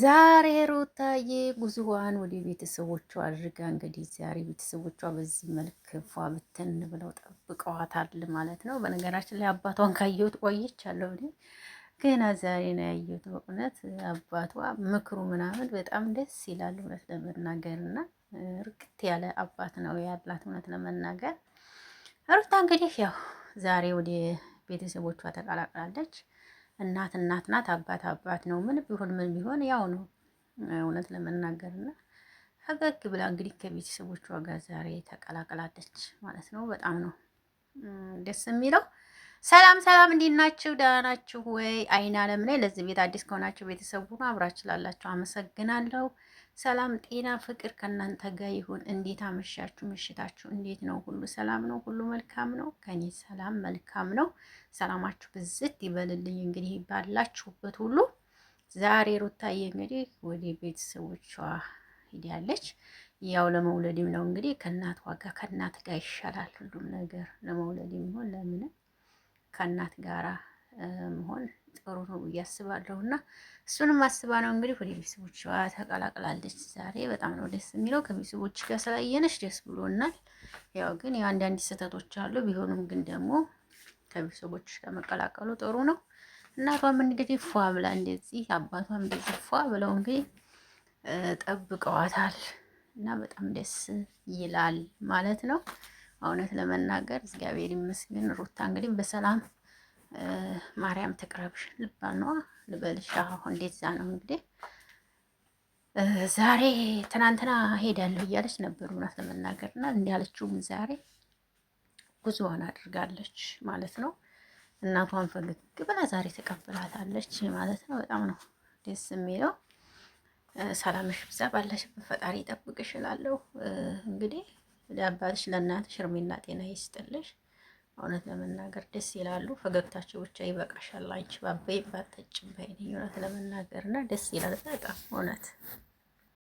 ዛሬ ሩታዬ ጉዞዋን ወደ ቤተሰቦቿ አድርጋ እንግዲህ ዛሬ ቤተሰቦቿ በዚህ መልክ ፏ ብትን ብለው ጠብቀዋታል ማለት ነው። በነገራችን ላይ አባቷን ካየሁት ቆይቻለሁ እኔ ገና ዛሬ ነው ያየሁት። በእውነት አባቷ ምክሩ ምናምን በጣም ደስ ይላል እውነት ለመናገር እና እርግት ያለ አባት ነው ያላት እውነት ለመናገር ሩታ እንግዲህ ያው ዛሬ ወደ ቤተሰቦቿ ተቀላቅላለች። እናት እናት ናት፣ አባት አባት ነው። ምን ቢሆን ምን ቢሆን ያው ነው እውነት ለመናገር ፈገግ ብላ እንግዲህ ከቤተሰቦቿ ጋር ዛሬ ተቀላቅላለች ማለት ነው። በጣም ነው ደስ የሚለው። ሰላም ሰላም፣ እንዴት ናችሁ? ደህና ናችሁ ወይ? አይን አለም ላይ ለዚህ ቤት አዲስ ከሆናችሁ ቤተሰቡ አብራችሁ ላላችሁ አመሰግናለሁ። ሰላም ጤና ፍቅር ከእናንተ ጋር ይሁን። እንዴት አመሻችሁ? ምሽታችሁ እንዴት ነው? ሁሉ ሰላም ነው? ሁሉ መልካም ነው? ከኔ ሰላም መልካም ነው። ሰላማችሁ ብዝት ይበልልኝ። እንግዲህ ባላችሁበት ሁሉ ዛሬ ሩታዬ እንግዲህ ወደ ቤተሰቦቿ ሂዳለች። ያው ለመውለድም ነው እንግዲህ ከእናት ዋጋ ከእናት ጋር ይሻላል ሁሉም ነገር። ለመውለድም ይሆን ለምንም ከእናት ጋራ መሆን ጥሩ ነው ብዬ አስባለሁ። እና እሱንም አስባ ነው እንግዲህ ወደ ቤተሰቦቿ ተቀላቅላለች። ዛሬ በጣም ነው ደስ የሚለው ከቤተሰቦች ጋር ስላየነች ደስ ብሎናል። ያው ግን የአንዳንድ ስህተቶች አሉ። ቢሆኑም ግን ደግሞ ከቤተሰቦች ጋር መቀላቀሉ ጥሩ ነው። እናቷም እንግዲህ ፏ ብላ እንደዚህ አባቷም እንደዚህ ፏ ብለው እንግዲህ ጠብቀዋታል እና በጣም ደስ ይላል ማለት ነው። እውነት ለመናገር እግዚአብሔር ይመስገን ሩታ እንግዲህ በሰላም ማርያም ትቅረብሽ ልባል ነዋ ልበልሽ። አሁን እንደዛ ነው እንግዲህ። ዛሬ ትናንትና ሄዳለሁ እያለች ነበር እውነት ለመናገር እና እንዳለችውም ዛሬ ጉዞዋን አድርጋለች ማለት ነው። እናቷን ፈገግ ብላ ዛሬ ተቀብላታለች ማለት ነው። በጣም ነው ደስ የሚለው። ሰላምሽ ብዛ፣ ባለሽበት ፈጣሪ ይጠብቅሽ እላለሁ። እንግዲህ ለአባትሽ ለእናትሽ እርሜና ጤና ይስጥልሽ። እውነት ለመናገር ደስ ይላሉ። ፈገግታቸው ብቻ ይበቃሻል አንቺ ባበይ ባተጭበይ እውነት ለመናገርና ደስ ይላል በጣም እውነት